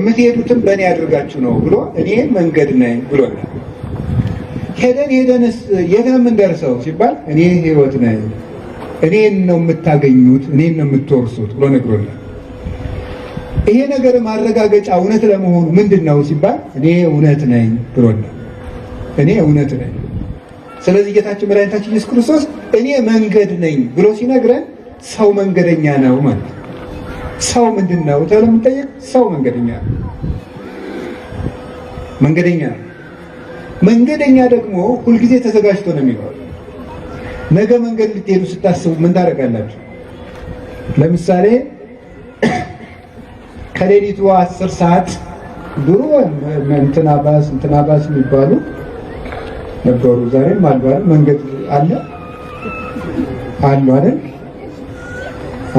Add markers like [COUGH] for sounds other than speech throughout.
የምትሄዱትም በእኔ አድርጋችሁ ነው ብሎ እኔ መንገድ ነኝ ብሎ ሄደን ሄደንስ የት ነው የምንደርሰው ሲባል እኔ ህይወት ነኝ፣ እኔን ነው የምታገኙት፣ እኔን ነው የምትወርሱት ብሎ ነግሮናል። ይሄ ነገር ማረጋገጫ እውነት ለመሆኑ ምንድን ነው ሲባል እኔ እውነት ነኝ ብሎናል። እኔ እውነት ነኝ። ስለዚህ ጌታችን መድኃኒታችን ኢየሱስ ክርስቶስ እኔ መንገድ ነኝ ብሎ ሲነግረን ሰው መንገደኛ ነው ማለት ሰው ምንድን ነው ተብሎ የምጠየቅ ሰው መንገደኛ መንገደኛ መንገደኛ ደግሞ ሁልጊዜ ተዘጋጅቶ ነው የሚኖር። ነገ መንገድ ልትሄዱ ስታስቡ ምን ታደርጋላችሁ? ለምሳሌ [COUGHS] ከሌሊቱ አስር ሰዓት ድሮ እንትናባስ እንትናባስ የሚባሉ ነበሩ። ዛሬም አሉ መንገድ አለ አሉ አይደል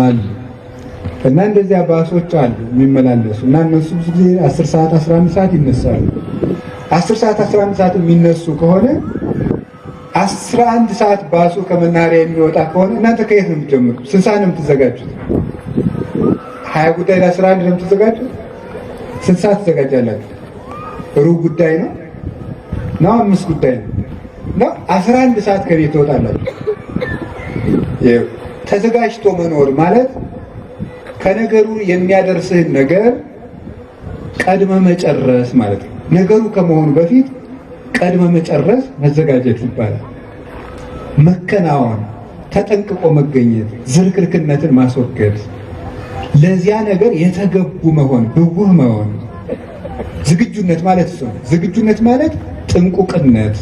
አሉ እና እንደዚያ ባሶች አሉ የሚመላለሱ እና እነሱ ብዙ ጊዜ 10 ሰዓት 11 ሰዓት ይነሳሉ። 10 ሰዓት 11 ሰዓት የሚነሱ ከሆነ 11 ሰዓት ባሱ ከመናኸሪያ የሚወጣ ከሆነ እናንተ ከየት ነው የምትጀምሩ? ስንት ሰዓት ነው የምትዘጋጁት? ሀያ ጉዳይ ለ11 ነው የምትዘጋጁት? ስንት ሰዓት ትዘጋጃላችሁ? ሩብ ጉዳይ ነው ነው አምስት ጉዳይ ነው ነው 11 ሰዓት ከቤት ትወጣላችሁ። ተዘጋጅቶ መኖር ማለት ከነገሩ የሚያደርስህን ነገር ቀድመ መጨረስ ማለት ነው። ነገሩ ከመሆኑ በፊት ቀድመ መጨረስ መዘጋጀት ይባላል። መከናወን፣ ተጠንቅቆ መገኘት፣ ዝርክርክነትን ማስወገድ፣ ለዚያ ነገር የተገቡ መሆን፣ ብጉህ መሆን ዝግጁነት ማለት እሱ ነው። ዝግጁነት ማለት ጥንቁቅነት፣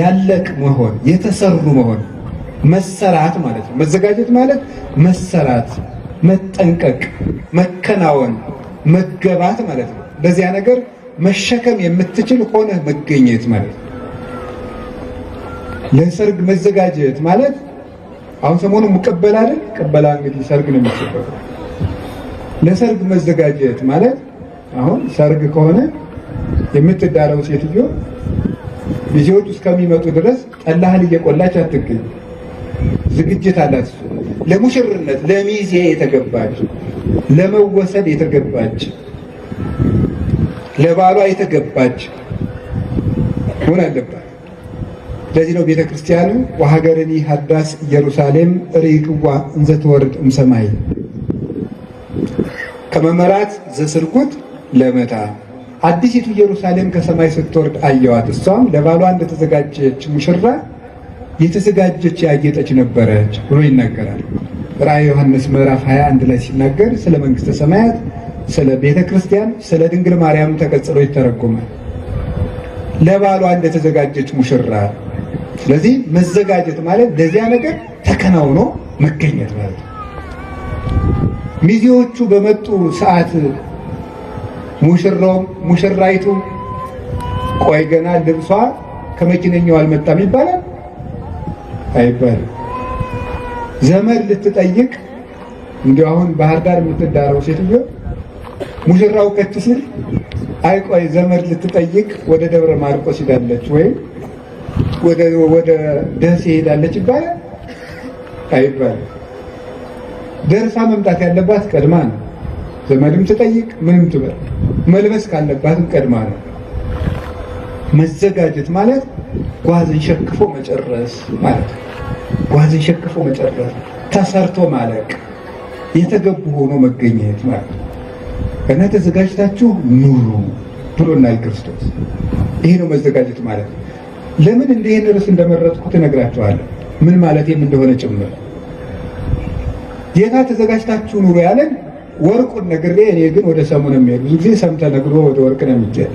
ያለቅ መሆን፣ የተሰሩ መሆን፣ መሰራት ማለት ነው። መዘጋጀት ማለት መሰራት መጠንቀቅ፣ መከናወን፣ መገባት ማለት ነው። በዚያ ነገር መሸከም የምትችል ሆነ መገኘት ማለት ነው። ለሰርግ መዘጋጀት ማለት አሁን ሰሞኑ ቅበላ አይደል? ቀበላ እንግዲህ ሰርግ ነው የሚሰጠው። ለሰርግ መዘጋጀት ማለት አሁን ሰርግ ከሆነ የምትዳረው ሴትዮ ልጆች እስከሚመጡ ድረስ ጠላህል እየቆላች አትገኝ። ዝግጅት አላት ለሙሽርነት ለሚዜ የተገባች ለመወሰድ የተገባች ለባሏ የተገባች መሆን አለባት። ለዚህ ነው ቤተ ክርስቲያኑ ወሀገርኒ ሀዳስ ኢየሩሳሌም ርኢክዋ እንዘ ትወርድ እምሰማይ ከመመራት ዘስርጉት ለመታ አዲሲቱ ኢየሩሳሌም ከሰማይ ስትወርድ አየዋት። እሷም ለባሏ እንደተዘጋጀች ሙሽራ የተዘጋጀች ያጌጠች ነበረች ብሎ ይናገራል። ራእየ ዮሐንስ ምዕራፍ 21 ላይ ሲናገር ስለ መንግስተ ሰማያት፣ ስለ ቤተ ክርስቲያን፣ ስለ ድንግል ማርያም ተቀጽሎ ይተረጎማል። ለባሏ እንደተዘጋጀች ሙሽራ። ስለዚህ መዘጋጀት ማለት ለዚያ ነገር ተከናውኖ መገኘት ማለት ነው። ሚዜዎቹ በመጡ ሰዓት ሙሽራው ሙሽራይቱ ቆይ ገና ልብሷ ከመኪነኛው አልመጣም ይባላል አይባል ዘመድ ልትጠይቅ እንዲሁ አሁን ባህር ዳር የምትዳረው ሴትዮ ሙሽራው ከች ሲል አይቆይ ዘመድ ልትጠይቅ ወደ ደብረ ማርቆስ ሄዳለች ወይም ወደ ደሴ ሄዳለች ይባላል አይባል ደርሳ መምጣት ያለባት ቀድማ ነው። ዘመድም ትጠይቅ ምንም ትበል መልበስ ካለባትም ቀድማ ነው። መዘጋጀት ማለት ጓዝን ሸክፎ መጨረስ ማለት ጓዝን ሸክፎ መጨረስ፣ ተሰርቶ ማለቅ፣ የተገቡ ሆኖ መገኘት ማለት እና ተዘጋጅታችሁ ኑሩ ብሎናል ክርስቶስ። ይሄ ነው መዘጋጀት ማለት ነው። ለምን እንዲህን ርዕስ እንደመረጥኩት እነግራችኋለሁ፣ ምን ማለቴም እንደሆነ ጭምር። ጌታ ተዘጋጅታችሁ ኑሩ ያለን ወርቁን ነግሬ፣ እኔ ግን ወደ ሰሙ ነው የሚሄድ። ብዙ ጊዜ ሰምተህ ነግሮ ወደ ወርቅ ነው የሚሄድ።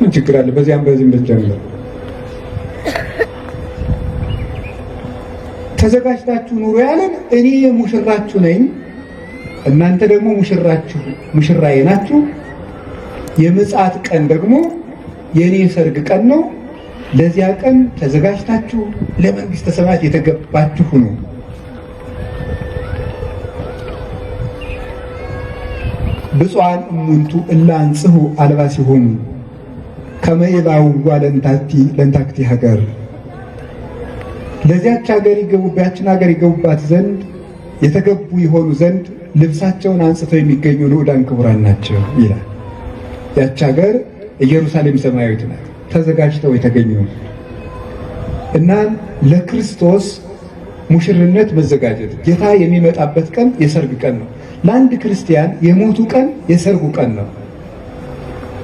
ምን ችግር አለ? በዚያም በዚህም ብትጀምር ተዘጋጅታችሁ ኑሮ ያለን እኔ ሙሽራችሁ ነኝ፣ እናንተ ደግሞ ሙሽራችሁ ሙሽራዬ ናችሁ። የምጽአት ቀን ደግሞ የእኔ ሰርግ ቀን ነው። ለዚያ ቀን ተዘጋጅታችሁ ለመንግስተ ሰማያት የተገባችሁ ነው። ብፁዓን እሙንቱ ጽሁ አልባስ አልባሲሆሙ ከመኤባውዋ ለንታክቲ ሀገር ለዚያች ሀገር ይገቡባችን ሀገር ይገቡባት ዘንድ የተገቡ ይሆኑ ዘንድ ልብሳቸውን አንጽተው የሚገኙ ልዑዳን ክቡራን ናቸው ይላል። ያች ሀገር ኢየሩሳሌም ሰማያዊት ናት፣ ተዘጋጅተው የተገኙ እና ለክርስቶስ ሙሽርነት መዘጋጀት ጌታ የሚመጣበት ቀን የሰርግ ቀን ነው። ለአንድ ክርስቲያን የሞቱ ቀን የሰርጉ ቀን ነው።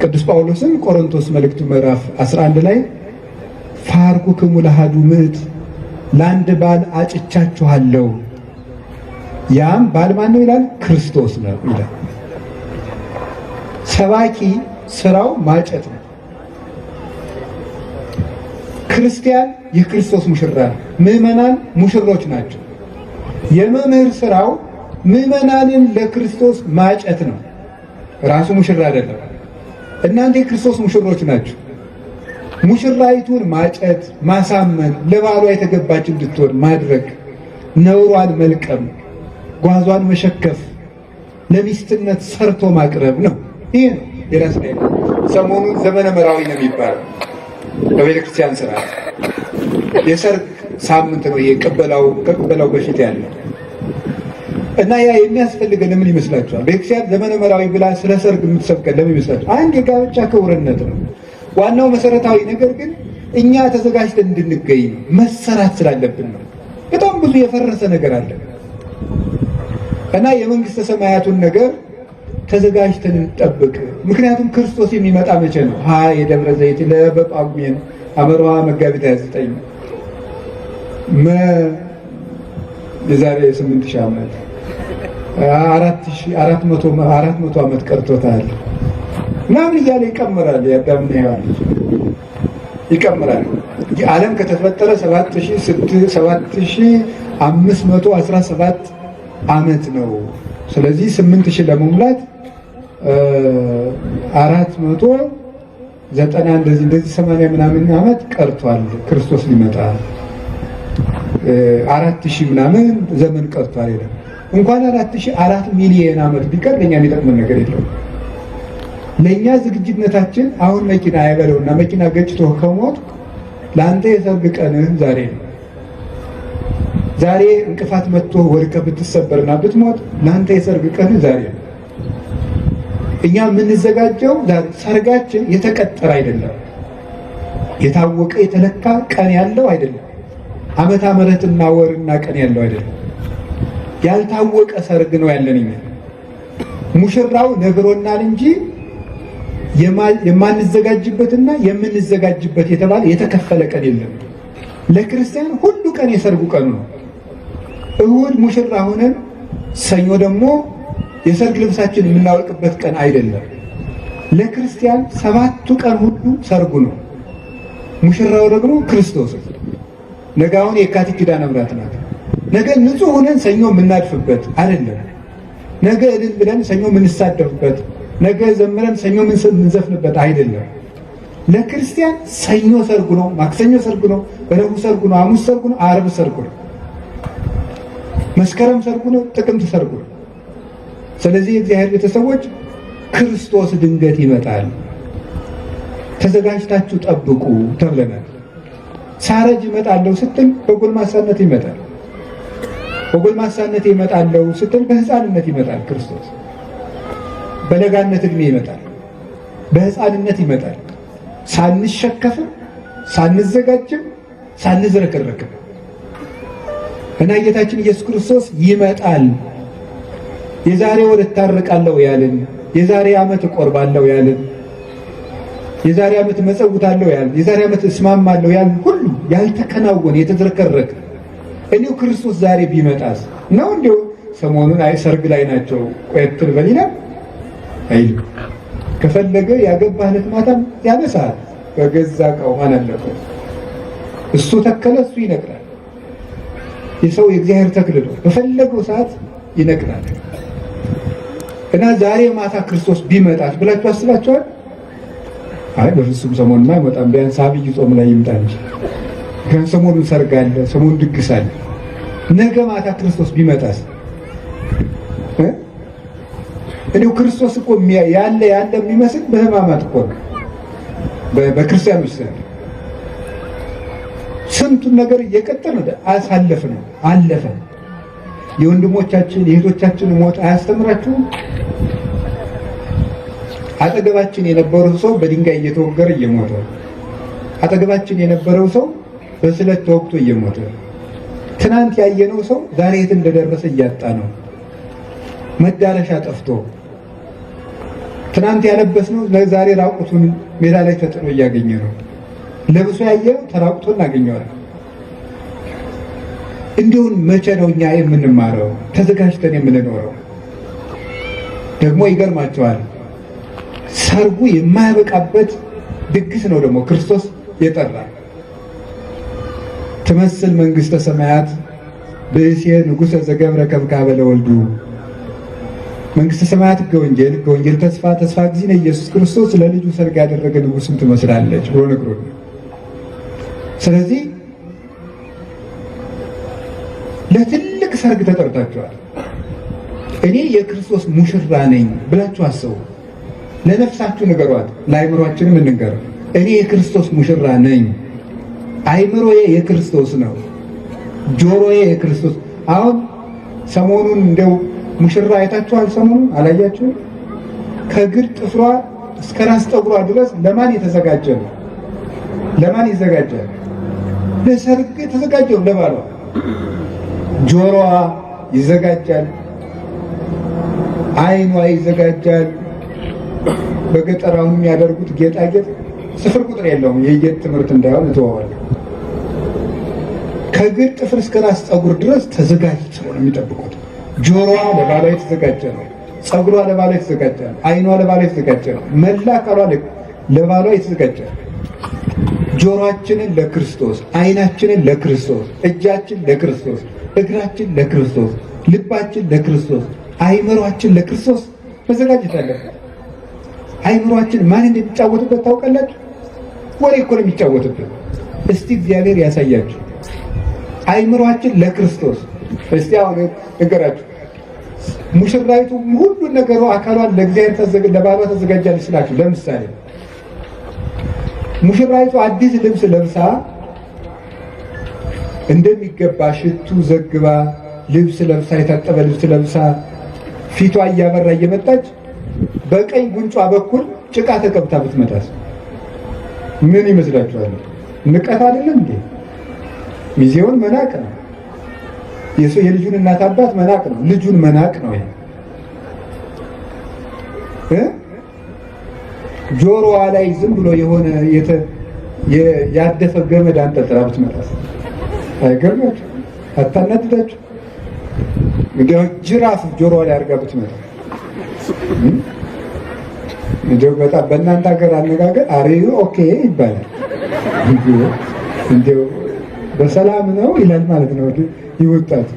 ቅዱስ ጳውሎስም ቆሮንቶስ መልእክቱ ምዕራፍ 11 ላይ ፋርኩ ለአሐዱ ምዕት ለአንድ ባል አጭቻችኋለሁ፣ ያም ባል ማን ነው ይላል? ክርስቶስ ነው ይላል። ሰባኪ ስራው ማጨት ነው። ክርስቲያን የክርስቶስ ሙሽራ ነው። ምዕመናን ሙሽሮች ናቸው። የመምህር ስራው ምዕመናንን ለክርስቶስ ማጨት ነው። ራሱ ሙሽራ አይደለም። እናንተ የክርስቶስ ሙሽሮች ናችሁ። ሙሽራይቱን ማጨት፣ ማሳመን፣ ለባሏ የተገባች እንድትሆን ማድረግ፣ ነውሯን መልቀም፣ ጓዟን መሸከፍ፣ ለሚስትነት ሰርቶ ማቅረብ ነው። ይህ ነው ሌላ ሰሞኑን ዘመነ መራዊ ነው የሚባለው በቤተ ክርስቲያን ስርዓት የሰርግ ሳምንት ነው። ቅበላው ከቅበላው በፊት ያለው እና ያ የሚያስፈልገን ምን ይመስላችኋል? ቤተክርስቲያን ዘመነ መራዊ ብላ ስለ ሰርግ የምትሰብከን ለምን ይመስላችኋል? አንድ የጋብቻ ክቡርነት ነው። ዋናው መሰረታዊ ነገር ግን እኛ ተዘጋጅተን እንድንገኝ መሰራት ስላለብን ነው። በጣም ብዙ የፈረሰ ነገር አለ እና የመንግስተ ሰማያቱን ነገር ተዘጋጅተን እንጠብቅ። ምክንያቱም ክርስቶስ የሚመጣ መቼ ነው? ሀ የደብረ ዘይት ለበጳጉሜን አመርሃ መጋቢት ያዘጠኝ የዛሬ ስምንት ሺህ ዓመት አራት መቶ ዓመት ቀርቶታል ምናምን እያለ ይቀምራል። ያዳምን ሔዋን ይቀምራል። ዓለም ከተፈጠረ ሰባት ዓመት ነው። ስለዚህ ስምንት ሺህ ለመሙላት አራት መቶ ዘጠና እንደዚህ እንደዚህ ሰማንያ ምናምን ዓመት ቀርቷል። ክርስቶስ ሊመጣ አራት ሺህ ምናምን ዘመን ቀርቷል። የለም እንኳን አራት ሺህ አራት ሚሊየን ዓመት ቢቀር ለእኛ የሚጠቅመን ነገር የለውም። ለእኛ ዝግጅነታችን አሁን መኪና አይበለውና መኪና ገጭቶ ከሞት ለአንተ የሰርግ ቀንህ ዛሬ ነው። ዛሬ እንቅፋት መጥቶ ወድቀ ብትሰበርና ብትሞት ለአንተ የሰርግ ቀንህ ዛሬ ነው። እኛ የምንዘጋጀው ሰርጋችን የተቀጠረ አይደለም። የታወቀ የተለካ ቀን ያለው አይደለም። ዓመተ ምሕረትና ወርና ቀን ያለው አይደለም። ያልታወቀ ሰርግ ነው ያለን እኛ። ሙሽራው ነግሮናል እንጂ የማንዘጋጅበትና የምንዘጋጅበት የተባለ የተከፈለ ቀን የለም። ለክርስቲያን ሁሉ ቀን የሰርጉ ቀኑ ነው። እሁድ ሙሽራ ሆነን ሰኞ ደግሞ የሰርግ ልብሳችን የምናወልቅበት ቀን አይደለም። ለክርስቲያን ሰባቱ ቀን ሁሉ ሰርጉ ነው። ሙሽራው ደግሞ ክርስቶስ። ነገ አሁን የካቲት ኪዳነ ምሕረት ናት። ነገ ንጹህ ሆነን ሰኞ የምናድፍበት አይደለም። ነገ እልል ብለን ሰኞ የምንሳደፍበት፣ ነገ ዘምረን ሰኞ የምንዘፍንበት አይደለም። ለክርስቲያን ሰኞ ሰርጉ ነው፣ ማክሰኞ ሰርጉ ነው፣ ረቡዕ ሰርጉ ነው፣ ሐሙስ ሰርጉ ነው፣ ዓርብ ሰርጉ ነው፣ መስከረም ሰርጉ ነው፣ ጥቅምት ሰርጉ ነው። ስለዚህ የእግዚአብሔር ቤተሰቦች ክርስቶስ ድንገት ይመጣል፣ ተዘጋጅታችሁ ጠብቁ ተብለናል። ሳረጅ እመጣለሁ ስትል በጎልማሳነት ይመጣል። በጎልማሳነት ይመጣለው ስትል በህፃንነት ይመጣል ክርስቶስ። በለጋነት እድሜ ይመጣል፣ በህፃንነት ይመጣል። ሳንሸከፍም፣ ሳንዘጋጅም፣ ሳንዝረከረክም እና ጌታችን ኢየሱስ ክርስቶስ ይመጣል። የዛሬ ወር እታረቃለሁ ያልን፣ የዛሬ ዓመት እቆርባለሁ ያልን፣ የዛሬ ዓመት እመጸውታለሁ ያልን፣ የዛሬ ዓመት እስማማለሁ ያልን ሁሉ ያልተከናወነ የተዝረከረከ እኔው ክርስቶስ ዛሬ ቢመጣስ ነው እንዲው ሰሞኑን አይ ሰርግ ላይ ናቸው ቆየትል በሊና አይል ከፈለገ ያገባህለት ማታም ያነሳል በገዛ ቀው ማን እሱ ተከለ እሱ ይነቅላል የሰው የእግዚአብሔር ተክል ነው በፈለገው ሰዓት ይነቅላል እና ዛሬ ማታ ክርስቶስ ቢመጣስ ብላችሁ አስባችኋል አይ በፍጹም ሰሞኑን አይመጣም ቢያንስ አብይ ጾም ላይ ይምጣ እንጂ ከሰሞኑን ሰርግ አለ፣ ሰሞኑን ድግስ አለ። ነገ ማታ ክርስቶስ ቢመጣስ? እንዲሁ ክርስቶስ እኮ ያለ ያለ የሚመስል በህማማት እኮ በክርስቲያኖች ዘንድ ስንቱን ነገር እየቀጠል አሳለፍ ነው አለፈ። የወንድሞቻችን የእህቶቻችን ሞት አያስተምራችሁም? አጠገባችን የነበረው ሰው በድንጋይ እየተወገረ እየሞተ አጠገባችን የነበረው ሰው በስለት ተወቅቶ እየሞተ ትናንት ያየነው ሰው ዛሬ የት እንደደረሰ እያጣ ነው። መዳረሻ ጠፍቶ ትናንት ያለበስነው ዛሬ ራቁቱን ሜዳ ላይ ተጥሎ እያገኘ ነው። ለብሶ ያየነው ተራቁቶ እናገኘዋለን። እንዲሁን መቼ ነው እኛ የምንማረው ተዘጋጅተን የምንኖረው? ደግሞ ይገርማቸዋል። ሰርጉ የማያበቃበት ድግስ ነው ደግሞ ክርስቶስ የጠራ ትመስል መንግሥተ ሰማያት ብእሴ ንጉሠ ዘገብረ ከብካበ ለወልዱ መንግሥተ ሰማያት ሕገ ወንጌል ሕገ ወንጌል ተስፋ ተስፋ ጊዜ ኢየሱስ ክርስቶስ ለልጁ ሰርግ ያደረገ ንጉሥም ትመስላለች ብሎ ነግሮን። ስለዚህ ለትልቅ ሰርግ ተጠርታችኋል። እኔ የክርስቶስ ሙሽራ ነኝ ብላችሁ አስቡ። ለነፍሳችሁ ንገሯት፣ ለአይምሯችንም እንንገር። እኔ የክርስቶስ ሙሽራ ነኝ አይምሮዬ የክርስቶስ ነው፣ ጆሮዬ የክርስቶስ አሁን ሰሞኑን እንደው ሙሽራ አይታችኋል? ሰሞኑ አላያችሁም? ከግር ጥፍሯ እስከ ራስ ጠጉሯ ድረስ ለማን የተዘጋጀ ነው? ለማን ይዘጋጃል? ለሰርግ የተዘጋጀው ለባሏ። ጆሮዋ ይዘጋጃል፣ አይኗ ይዘጋጃል። በገጠራውን የሚያደርጉት ጌጣጌጥ ስፍር ቁጥር የለውም። የየት ትምህርት እንዳይሆን እተወዋለሁ። ከእግር ጥፍር እስከ ራስ ፀጉር ድረስ ተዘጋጅቶ ነው የሚጠብቁት። ጆሮዋ ለባሏ የተዘጋጀ ነው። ፀጉሯ ለባሏ የተዘጋጀ ነው። አይኗ ለባሏ የተዘጋጀ ነው። መላ አካሏ ለባሏ የተዘጋጀ ነው። ጆሮአችንን ለክርስቶስ፣ አይናችንን ለክርስቶስ፣ እጃችን ለክርስቶስ፣ እግራችን ለክርስቶስ፣ ልባችን ለክርስቶስ፣ አይምሯችን ለክርስቶስ መዘጋጀት አለብን። አይምሯችን ማን እንደሚጫወትበት ታውቃላችሁ? ወሬ እኮ ነው የሚጫወትብን። እስቲ እግዚአብሔር ያሳያችሁ አይምሯችን ለክርስቶስ። እስቲ አሁን ንገራችሁ ሙሽራይቱ ሁሉን ነገሩ አካሏን ለእግዚአብሔር ተዘግ ለባሏ ተዘጋጃለች ስላችሁ፣ ለምሳሌ ሙሽራይቱ አዲስ ልብስ ለብሳ እንደሚገባ ሽቱ ዘግባ ልብስ ለብሳ የታጠበ ልብስ ለብሳ ፊቷ እያበራ እየመጣች በቀኝ ጉንጯ በኩል ጭቃ ተቀብታ ብትመጣስ ምን ይመስላችኋል? ንቀት አይደለም እንዴ? ሚዜውን መናቅ ነው። የልጁን እናት አባት መናቅ ነው። ልጁን መናቅ ነው። ጆሮዋ ላይ ዝም ብሎ የሆነ ያደፈ ገመድ አንጠልጥላ ብትመጣስ አይገርማችሁ? አታናድዳችሁ? እንግዲህ ጅራፍ ጆሮዋ ላይ አድርጋ ብትመጣ እንዲሁ በጣም በእናንተ ሀገር አነጋገር አሬዩ ኦኬ ይባላል። እንዲሁ በሰላም ነው ይላል ማለት ነው። ይወጣት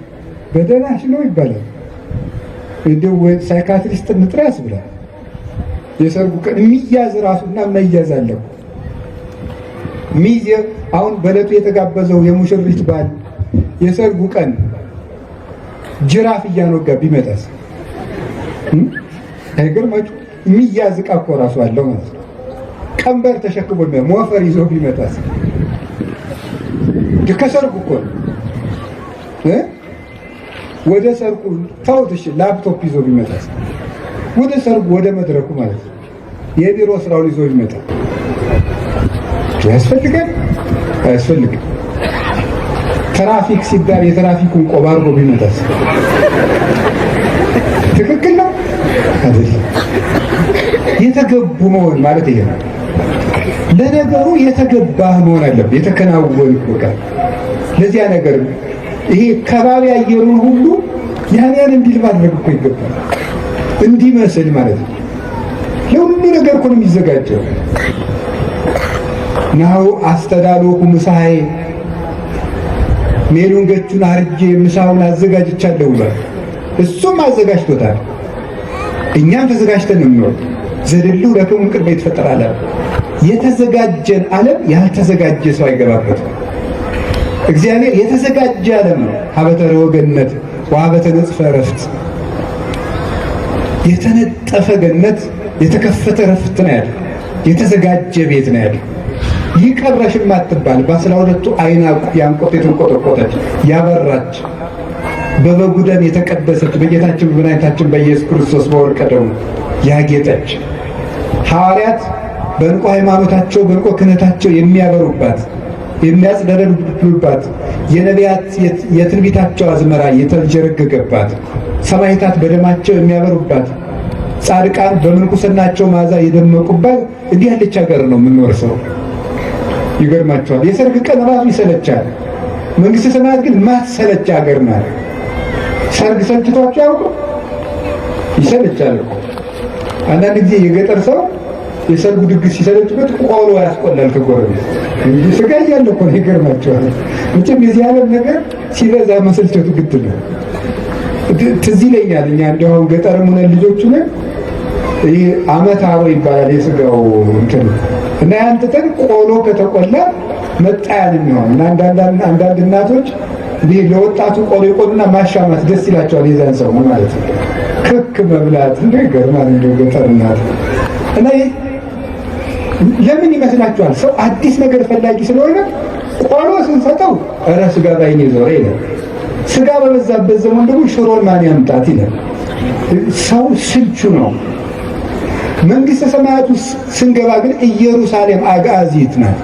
በደናሽ ነው ይባላል። እንዲሁ ሳይካትሪስት እንጥራስ ብላል። የሰርጉ ቀን የሚያዝ ራሱና መያዝ አለው ሚዜ አሁን በእለቱ የተጋበዘው የሙሽሪት ባል የሰርጉ ቀን ጅራፍ እያኖጋ ቢመጣስ አይገርማችሁ? የሚያዝ ዕቃ እኮ ራሱ አለው ማለት ነው። ቀንበር ተሸክሞ ሞፈር ይዞ ቢመጣስ ከሰርጉ እኮ ነው። ወደ ሰርጉ ተውት ላፕቶፕ ይዞ ቢመጣስ ወደ ሰርጉ ወደ መድረኩ ማለት ነው። የቢሮ ስራውን ይዞ ቢመጣ ያስፈልጋል አያስፈልግም? ትራፊክ ሲባል የትራፊኩን ቆብ አድርጎ ቢመጣስ ትክክል ነው አይደለም? የተገቡ መሆን ማለት ይሄ ነው። ለነገሩ የተገባህ መሆን አለብህ። የተከናወን በቃ ለዚያ ነገር ይሄ ከባቢ አየሩን ሁሉ ያን ያን እንዲል ማድረግ እኮ ይገባል። እንዲመስል ማለት ነው። ለሁሉ ነገር እኮ ነው የሚዘጋጀው። ናሁ አስተዳሎኩ ምሳሐዬ ሜሉን ገቹን አርጄ ምሳውን አዘጋጅቻለሁ ብሏል። እሱም አዘጋጅቶታል። እኛም ተዘጋጅተን እንኖር ዘድሉ ለክሙ ቅድመ የተፈጠረ ዓለም የተዘጋጀን ዓለም ያልተዘጋጀ ሰው አይገባበትም። እግዚአብሔር የተዘጋጀ ዓለም ነው። ሀበተ ወገነት ወሀበተ ነጽፈ ረፍት የተነጠፈ ገነት የተከፈተ ረፍት ነው ያለው። የተዘጋጀ ቤት ነው ያለው። ይቀብረሽም አትባል በአስራ ሁለቱ አይና ያንቆጤትን ቆጠቆጠች ያበራች በበጉ ደም የተቀደሰች በጌታችን በመድኃኒታችን በኢየሱስ ክርስቶስ በወርቀ ደሙ ያጌጠች ሐዋርያት በዕንቁ ሃይማኖታቸው በዕንቁ ክህነታቸው የሚያበሩባት የሚያጽደረድሉባት የነቢያት የትንቢታቸው አዝመራ የተጀረገገባት ሰማይታት በደማቸው የሚያበሩባት ጻድቃን በምንኩስናቸው መዓዛ የደመቁባት እንዲህ ያለች ሀገር ነው የምንወርሰው። ይገርማቸዋል። የሰርግ ቀን ራሱ ይሰለቻል። መንግሥተ ሰማያት ግን ማትሰለች ሀገር ናት። ሰርግ ሰልችቷቸው ያውቁ ይሰለቻል እኮ አንዳንድ ጊዜ የገጠር ሰው የሰርጉ ድግስ ሲሰለችበት ቆሎ ያስቆላል ከጎረቤት እንጂ ስጋ እያለ እኮ ነው። ይገርማቸዋል። መቼም የዚህ ዓለም ነገር ሲበዛ መሰልቸቱ ግድ ነው። ትዝ ይለኛል እኛ እንዲሁም ገጠር ሙነን ልጆቹ ነን። ይህ አመት አሮ ይባላል የስጋው እንትን እና ያን ትተን ቆሎ ከተቆላ መጣያን የሚሆን እና አንዳንድ እናቶች ለወጣቱ ቆሎ ይቆሉና ማሻማት ደስ ይላቸዋል። የዛን ሰው ማለት ነው ክክ መብላት እንደ ገርማል እንደ ገጠርና እና ለምን ይመስላችኋል? ሰው አዲስ ነገር ፈላጊ ስለሆነ ቆሎ ስንሰጠው እረ ስጋ ባይኔ ዞሬ ይላል። ስጋ በበዛበት ዘመን ደግሞ ሽሮን ማን ያምጣት ይላል። ሰው ስልቹ ነው። መንግስተ ሰማያት ስንገባ ግን ኢየሩሳሌም አጋዚት ናት።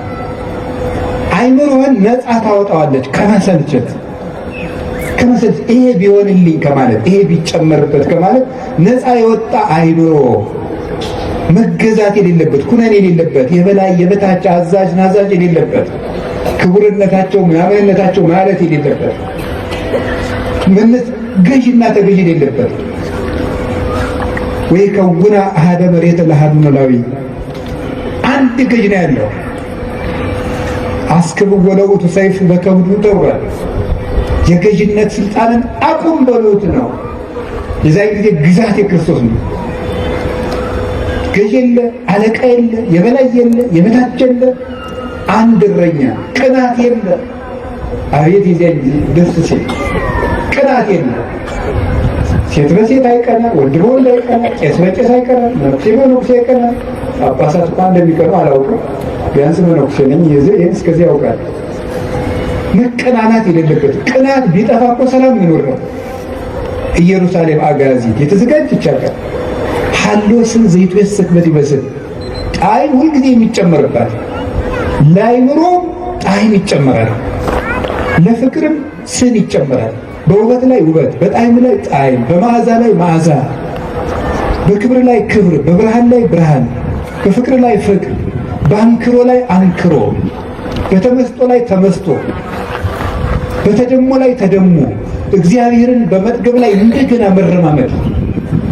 አይምሮህን ነፃ ታወጣዋለች ከመሰልቸት ከመስጠት ይሄ ቢሆንልኝ ከማለት ይሄ ቢጨመርበት ከማለት ነፃ የወጣ አይምሮ መገዛት የሌለበት ኩነን የሌለበት የበላይ የበታች አዛዥ ናዛዥ የሌለበት ክቡርነታቸው ምናምንነታቸው ማለት የሌለበት ምንስ ገዥና ተገዥ የሌለበት ወይ ከውና አሃደ መሬት ለሃዱ ኖላዊ አንድ ገዥ ነው ያለው አስክብብ ወለውቱ ሰይፍ በከብዱ ተውሯል የገዥነት ስልጣንን አቁም በሉት ነው። የዛ ጊዜ ግዛት የክርስቶስ ነው። ገዥ የለ፣ አለቃ የለ፣ የበላይ የለ፣ የበታች የለ፣ አንድ እረኛ። ቅናት የለ። አቤት የዚያን ጊዜ ደስ ሲል ቅናት የለ። ሴት በሴት አይቀና፣ ወንድ በወንድ አይቀና፣ ቄስ በቄስ አይቀና፣ መነኩሴ በመነኩሴ አይቀና። ጳጳሳት እንኳ እንደሚቀኑ አላውቅም። ቢያንስ መነኩሴ ነኝ። ይህን እስከዚህ ያውቃል። መቀናናት የሌለበት ቅናት ቢጠፋ እኮ ሰላም ይኖር ነው። ኢየሩሳሌም አጋዚ የተዘጋጅ ይቻላል ሀሎ ስም ዘይቱ የሰክበት ይመስል ጣዕም ሁልጊዜ የሚጨመርባት ላይኑሮ ጣዕም ይጨመራል። ለፍቅርም ስን ይጨመራል። በውበት ላይ ውበት፣ በጣዕም ላይ ጣዕም፣ በመዓዛ ላይ መዓዛ፣ በክብር ላይ ክብር፣ በብርሃን ላይ ብርሃን፣ በፍቅር ላይ ፍቅር፣ በአንክሮ ላይ አንክሮ፣ በተመስጦ ላይ ተመስጦ በተደሞ ላይ ተደሞ እግዚአብሔርን በመጥገብ ላይ እንደገና መረማመድ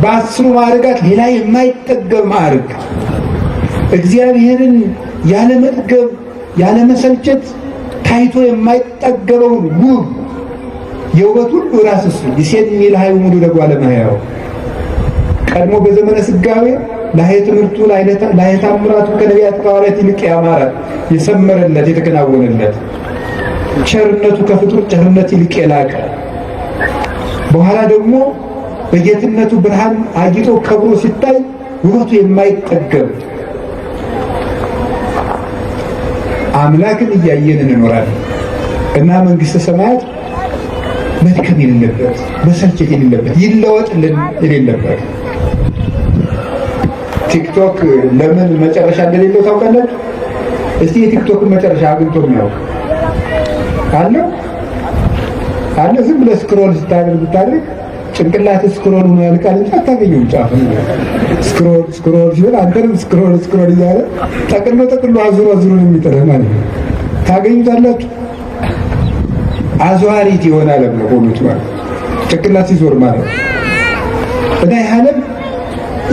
በአስሩ ማዕርጋት ሌላ የማይጠገብ ማዕርግ እግዚአብሔርን ያለ መጥገብ ያለ መሰልቸት ታይቶ የማይጠገበውን ውብ የውበት ሁሉ ራስ እሱ ይሴት የሚል ሀይ ሙሉ ደግሞ አለማያው ቀድሞ በዘመነ ስጋዌ ለሀይ ትምህርቱ ለሀይ ታምራቱ ከነቢያት ሐዋርያት ይልቅ ያማረ የሰመረለት የተከናወነለት ቸርነቱ ከፍጡር ቸርነት ይልቅ የላቀ በኋላ ደግሞ በጌትነቱ ብርሃን አጊጦ ከብሮ ሲታይ ውበቱ የማይጠገብ አምላክን እያየን እንኖራለን እና መንግስተ ሰማያት መድከም የሌለበት መሰልቸት የሌለበት ይለወጥልን የሌለበት ቲክቶክ ለምን መጨረሻ እንደሌለው ታውቃለች? እስቲ የቲክቶክን መጨረሻ አግኝቶ የሚያውቅ አለ አለ። ዝም ብለህ ስክሮል ስታደርግ ብታደርግ ጭንቅላት ስክሮል ሆኖ ያልቃል እንጂ አታገኘውም። ጫፍ ስክሮል ስክሮል ሲሆን አንተንም ስክሮል ስክሮል እያለ ጠቅሎ ጠቅሎ አዙሮ አዙሮ ነው የሚጥልህ ማለት ነው። ታገኙታላችሁ። አዙሪት የሆነ ዓለም ነው ሆኖት ማለት ጭንቅላት ሲዞር ማለት ነው። እና ይህ ዓለም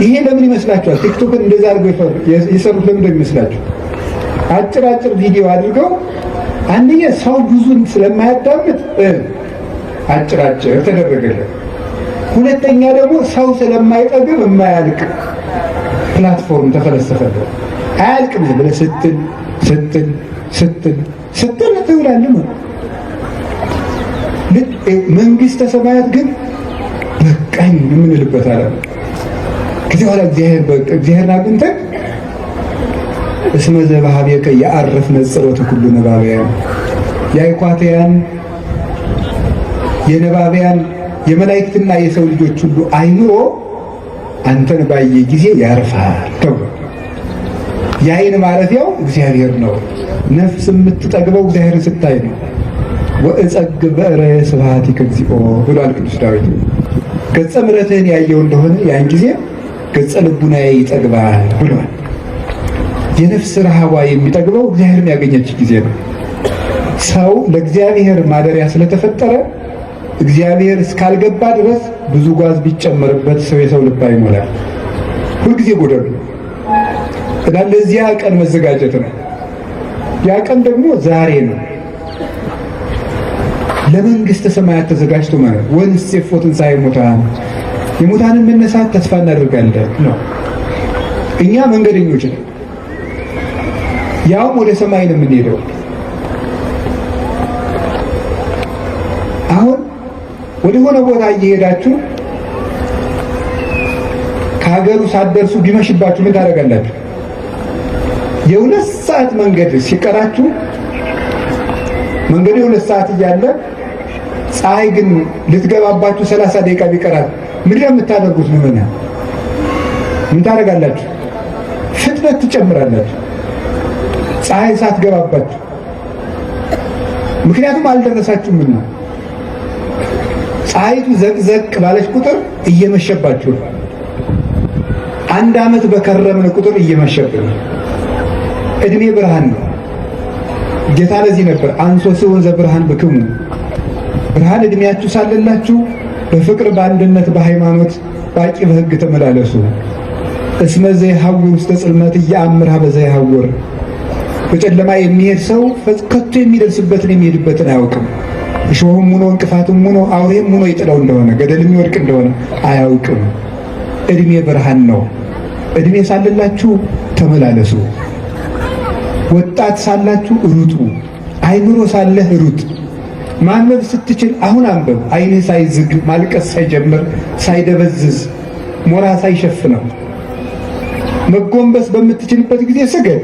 ይሄ ለምን ይመስላችኋል? ቲክቶክን እንደዛ አድርገው የሰሩት ለምን እንደሚመስላችሁ አጭር አጭር ቪዲዮ አድርገው አንደኛ ሰው ብዙን ስለማያዳምጥ አጭራጭር ተደረገለት። ሁለተኛ ደግሞ ሰው ስለማይጠግብ የማያልቅ ፕላትፎርም ተፈለሰፈለት። አያልቅም ብለ ስትል ስትል ስትል ስትል ትውላለህ። መንግስተ ሰማያት ግን በቃኝ የምንልበት አለ። ከዚህ በኋላ እግዚአብሔር በቃ እግዚአብሔርን አግኝተን እስመ ዘበሀቤከ የአርፍ ነጽሮት ሁሉ ነባብያን የአይኳትያን የነባብያን የመላእክትና የሰው ልጆች ሁሉ አይምሮ አንተን ባየ ጊዜ ያርፋል ተብሎ የአይን ማረፊያው እግዚአብሔር ነው። ነፍስ የምትጠግበው እግዚአብሔርን ስታይ ነው። ወእጸግብ በእረየ ስብሐቲከ እግዚኦ ብሏል ቅዱስ ዳዊት። ገጸ ምሕረትህን ያየው እንደሆነ ያን ጊዜ ገጸ ልቡና ይጠግባል ብሏል። የነፍስ ረሃቧ የሚጠግበው እግዚአብሔርን ያገኘች ጊዜ ነው። ሰው ለእግዚአብሔር ማደሪያ ስለተፈጠረ እግዚአብሔር እስካልገባ ድረስ ብዙ ጓዝ ቢጨመርበት ሰው የሰው ልብ ይሞላል። ሁልጊዜ ጎደሉ እና ለዚያ ቀን መዘጋጀት ነው። ያ ቀን ደግሞ ዛሬ ነው። ለመንግስት ሰማያት ተዘጋጅቶ ማለት ወንሴፎ ትንሣኤ ሙታን የሙታንን መነሳት ተስፋ እናደርጋለን ነው። እኛ መንገደኞች ነው። ያውም ወደ ሰማይ ነው የምንሄደው። አሁን ወደሆነ ቦታ እየሄዳችሁ ከሀገሩ ሳትደርሱ ቢመሽባችሁ ምን ታደርጋላችሁ? የሁለት ሰዓት መንገድ ሲቀራችሁ መንገዱ የሁለት ሰዓት እያለ ፀሐይ ግን ልትገባባችሁ ሰላሳ ደቂቃ ቢቀራት ምንድነው የምታደርጉት? ምን ምን ታደርጋላችሁ? ፍጥነት ትጨምራላችሁ። ፀሐይ ሳትገባባችሁ ምክንያቱም አልደረሳችሁምና። ፀሐይቱ ዘቅዘቅ ባለች ቁጥር እየመሸባችሁ ነው። አንድ ዓመት በከረምን ቁጥር ነው። እድሜ ብርሃን ነው። ጌታ ለዚህ ነበር አንሶ ሲሆን ዘብርሃን ብክሙ ብርሃን እድሜያችሁ ሳለላችሁ በፍቅር በአንድነት በሃይማኖት ባቂ በሕግ ተመላለሱ እስመ ዘይሐውር ውስተ ጽልመት እያአምርሃ በዘይሐውር በጨለማ የሚሄድ ሰው ከቶ የሚደርስበትን የሚሄድበትን አያውቅም። እሾህም ሆኖ እንቅፋትም ሆኖ አውሬም ሆኖ ይጥለው እንደሆነ ገደል የሚወድቅ እንደሆነ አያውቅም። እድሜ ብርሃን ነው። እድሜ ሳለላችሁ ተመላለሱ። ወጣት ሳላችሁ ሩጡ። አይምሮ ሳለህ ሩጥ። ማንበብ ስትችል አሁን አንበብ። አይንህ ሳይዝግ ማልቀስ ሳይጀምር ሳይደበዝዝ ሞራ ሳይሸፍነው መጎንበስ በምትችልበት ጊዜ ስገድ።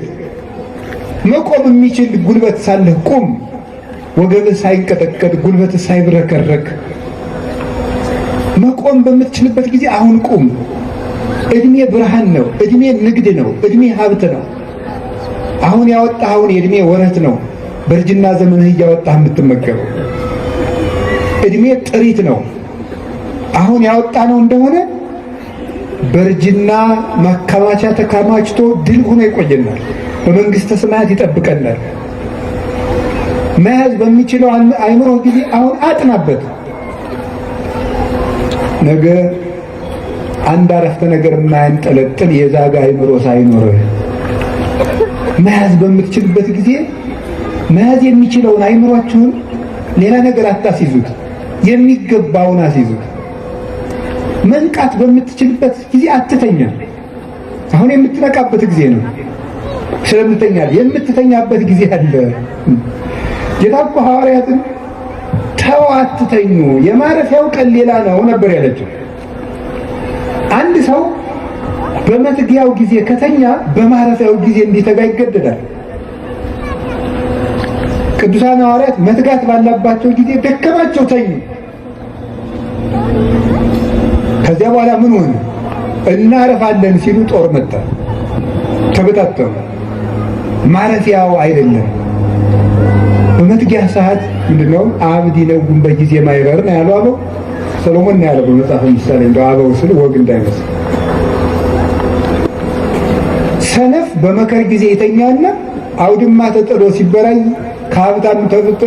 መቆም የሚችል ጉልበት ሳለህ ቁም። ወገብህ ሳይቀጠቀጥ ጉልበትህ ሳይብረከረክ መቆም በምትችልበት ጊዜ አሁን ቁም። እድሜ ብርሃን ነው። እድሜ ንግድ ነው። እድሜ ሀብት ነው። አሁን ያወጣኸውን የእድሜ ወረት ነው በእርጅና ዘመንህ እያወጣህ የምትመገበው። እድሜ ጥሪት ነው። አሁን ያወጣ ነው እንደሆነ በእርጅና ማከማቻ ተከማችቶ ድል ሆኖ ይቆየናል። በመንግስተ ሰማያት ይጠብቀናል። መያዝ በሚችለው አይምሮ ጊዜ አሁን አጥናበት። ነገ አንድ አረፍተ ነገር የማያንጠለጥል የዛጋ አይምሮ ሳይኖር መያዝ በምትችልበት ጊዜ መያዝ የሚችለውን አይምሯችሁን ሌላ ነገር አታስይዙት፣ የሚገባውን አስይዙት። መንቃት በምትችልበት ጊዜ አትተኛ። አሁን የምትነቃበት ጊዜ ነው። ስለምተኛል የምትተኛበት ጊዜ አለ። ጌታ እኮ ሐዋርያትን ተው አትተኙ፣ የማረፊያው ቀን ሌላ ነው ነበር ያለችው። አንድ ሰው በመትጊያው ጊዜ ከተኛ በማረፊያው ጊዜ እንዲተጋ ይገደዳል። ቅዱሳን ሐዋርያት መትጋት ባላባቸው ጊዜ ደከማቸው፣ ተኙ። ከዚያ በኋላ ምን ሆነ? እናረፋለን ሲሉ ጦር መታ፣ ተበታተኑ። ማረፊያው አይደለም። በመትጊያ ሰዓት ምንድነው? አብድ ይነጉም በጊዜ ማይበር ነው ያለው አበው ሰሎሞን ነው ያለው በመጽሐፍ ምሳሌ። እንደ አበው ስል ወግ እንዳይመስል ሰነፍ በመከር ጊዜ ይተኛና አውድማ ተጥሎ ሲበራይ ከሀብታም ተፍጠጥ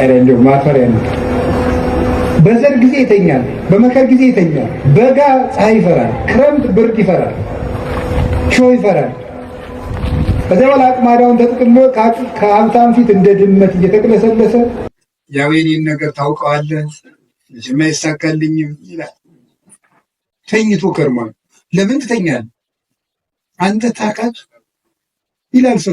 አይደለም ማፈሪያ ነው። በዘር ጊዜ ይተኛል፣ በመከር ጊዜ ይተኛል። በጋ ፀሐይ ይፈራል፣ ክረምት ብርድ ይፈራል፣ ሾ ይፈራል። በዚያ አቅማዳውን ተጥቅሎ ከሀብታም ፊት እንደ ድመት እየተቅለሰለሰ ያው የኔን ነገር ታውቀዋለህ ልጅማ አይሳካልኝም ይላል። ተኝቶ ከርሟል። ለምን ትተኛለህ አንተ ታካት ይላል።